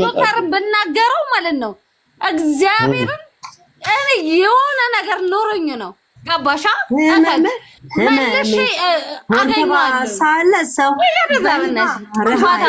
ዶክተር ብናገረው ማለት ነው እግዚአብሔርን እኔ የሆነ ነገር ኖሮኝ ነው። ገባሻ መልሼ አገኘዋለሁ ሳለ ሰው ፋታ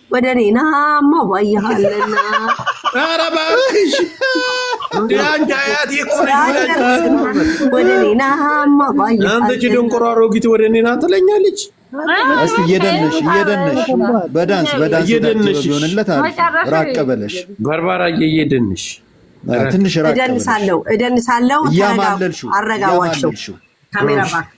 ወደ እኔ ና ማዋያሃለና ወደ እኔ ና ማዋያ አንተች ደንቆሮ ወደ እኔ ና ትለኛለች። እስቲ እየደነሽ እየደነሽ በዳንስ በዳንስ እየደነሽ ሆንለት ራቅ በለሽ በርባራዬ እየደነሽ ትንሽ ራቅ እደንሳለሁ እደንሳለሁ እያማለልሽው አረጋዋቸው ካሜራ እባክህ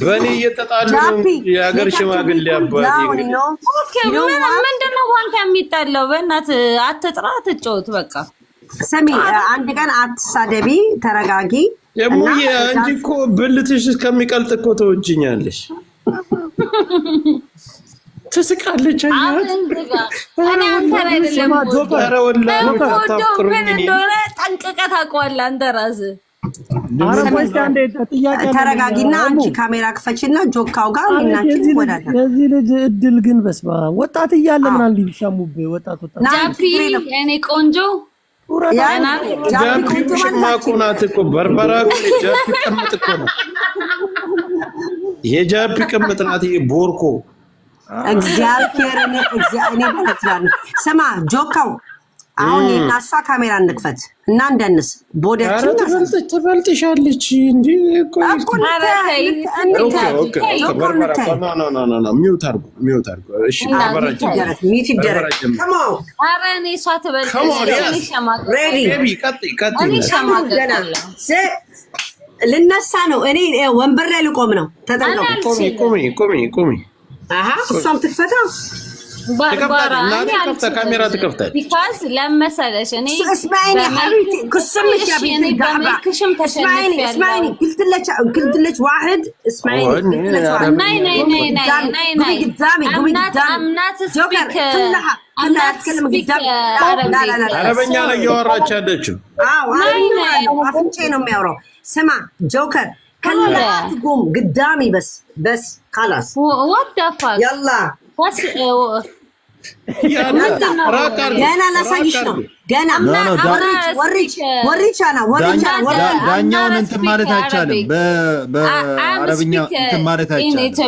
በእኔ እየተጣሉ የሀገር ሽማግሌ አባቴ ምንድን ነው ዋንታ የሚጣለው? በእናት አትጥራ ትጫወት። በቃ ስሚ፣ አንድ ቀን አትሳደቢ፣ ተረጋጊ። የሙዬ አንቺ እኮ ብልትሽ እስከሚቀልጥ እኮ ተወጅኛለሽ። ትስቃለች። አያት ኧረ ወላሂ ታውቀዋለህ አንተ ራስህ ተረጋጊና አንቺ ካሜራ ክፈችና ጆካው ጋር ከዚህ ልጅ እድል ግን በስመ ወጣት እያለ ምን አንድ ወጣት ወጣት እኔ ቆንጆ ጃፕሪ ሽማ ናት እኮ በርበራ ጃፕሪ ቅምጥ እኮ ነው የጃፕሪ ቅምጥ ናት ቦርኮ እግዚአብሔር እኔ ስማ ጆካው አሁን እና እሷ ካሜራ እንክፈት እና እንደንስ ቦደችን ትበልጥሻለች። ልነሳ ነው እኔ ወንበር ላይ ልቆም ነው። ተጠቁሚ ቁሚ ቁሚ ቁሚ እሷም ትክፈታ ካሜራ ትከፍታለች። ቢካዝ ለመሰለሽ እኔ እስማይኒ ሐቢብቲ ክስምሽ ያ ቤት በመልክሽም ተሸንፍ ያለው قلتلك قلتلك واحد اسمعيني ناي ناي ناي ناي ناي ناي قدامي قومي قدامي امنات سبيك كلها كلها تتكلم قدام لا لا لا አረበኛ ነው እያወራች ያለችው። አዎ አፍንጬ ነው የሚያወራው። ስማ ጆከር كلها تقوم قدامي بس بس خلاص وات ذا يلا بس ራቅ አድርጎ ገና ዳኛውን እንትን ማለት አይቻልም። በአረብኛ እንትን ማለት አይቻልም። ይጣሉልን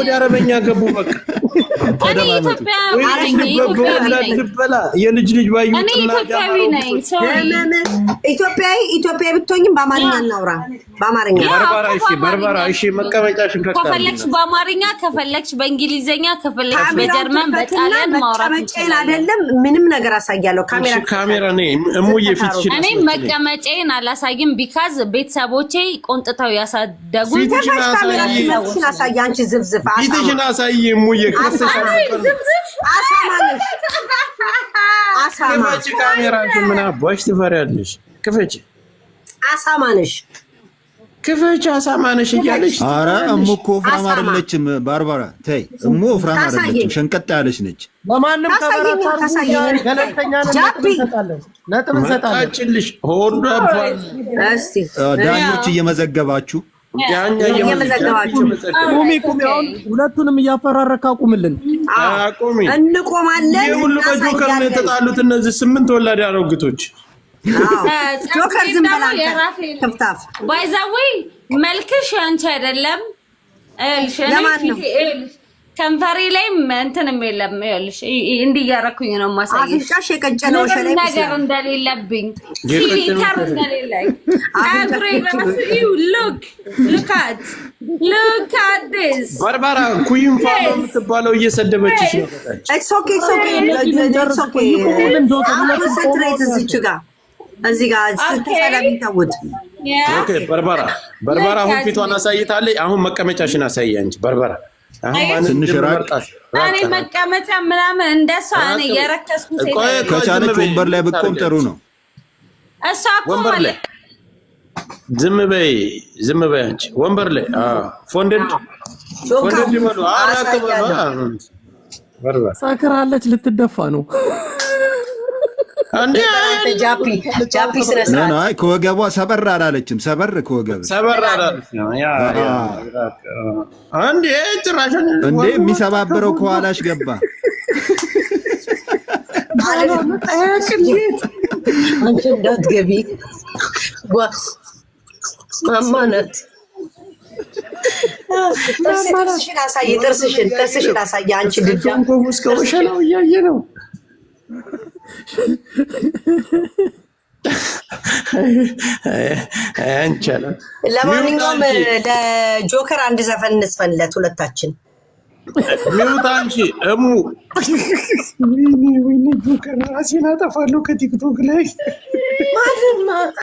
ወደ አረበኛ ገቡ። በቃ የልጅ ልጅ ባዩ ኢትዮጵያዊ ነኝ። ኢትዮጵያዊ ኢትዮጵያዊ ብትሆኝም በአማርኛ እናውራ። በአማርኛ በርበራ። እሺ መቀመጫሽን ከፈለግሽ በአማርኛ ከፈለግሽ በእንግሊዝኛ ከፈለግሽ በጀርመን በጣሊያን ማውራት መቀመጫዬን አይደለም ምንም ነገር አሳያለሁ። ካሜራ ካሜራ እሙዬ ፊትሽን እኔ መቀመጫዬን አላሳይም። ቢካዝ ቤተሰቦቼ ቆንጥተው ያሳደጉኝ ፊትሽን አሳይ። አንቺ ዝብዝፍ ፊትሽን አሳይ እሙዬ ዝብዝፍ አሳማለሽ አሳማ ክፈች፣ ምን አባሽ ትፈሪያለሽ? ክፈች፣ አሳማ ነሽ፣ ክፈች፣ አሳማ ነሽ እያለች። እሙ እኮ ወፍራም አይደለችም። ባርባራ ተይ፣ እሙ ወፍራም አይደለችም፣ ያለች ነች። በማንም ገለልተኛ ነጥብ እንሰጣለን። ዳኞች እየመዘገባችሁ ቁሚ ቁሚ! አሁን ሁለቱንም እያፈራረካ ቁምልን። እንቆማለን። ሁሉ በጆከር ነው የተጣሉት እነዚህ ስምንት ወላድ አሮግቶች። ጆከር ዝም በላንተ ክፍታፍ። መልክሽ አንቺ አይደለም ለማን ነው ከንፈሪ ላይ እንትንም የለም። ይኸውልሽ እንዲህ እያደረኩኝ ነው የማሳየሽ ምንም ነገር እንደሌለብኝ ሲሊተር እንደሌለኝ ጸጉሬ ራሱ ሉክ ዲስ ባርባራ ኩይን የምትባለው እየሰደበችሽ ነው። እዚች እዚህ በርበራ በርበራ አሁን ፊቷን አሳይታለች። አሁን መቀመጫሽን አሳይ አንቺ በርበራ እኔ መቀመጫ ምናምን እንደሷ እኔ የረከስኩ ሴት ከቻለች ወንበር ላይ ብትቆም ጥሩ ነው። እሷ እኮ ማለት ዝም በይ ዝም በይ አንቺ ወንበር ላይ ፎንደድ ፎንደድ ይበሉ አራት ልትደፋ ነው ከወገቧ ሰበር አላለችም። ሰበር ከወገብ እንዴ የሚሰባብረው ከኋላሽ ገባ። አንቺ እንዳትገቢ ማማነት ጥርስሽን አሳይ፣ ጥርስሽን ጥርስሽን አሳይ። አንቺ ድዳ እስከ እያየ ነው አንቻለም። ለማንኛውም ለጆከር አንድ ዘፈን እንስፈንለት ሁለታችን ሚውት አንቺ እሙ ወይኔ ጆከር ራሴን አጠፋለሁ ከቲክቶክ ላይ ማለማ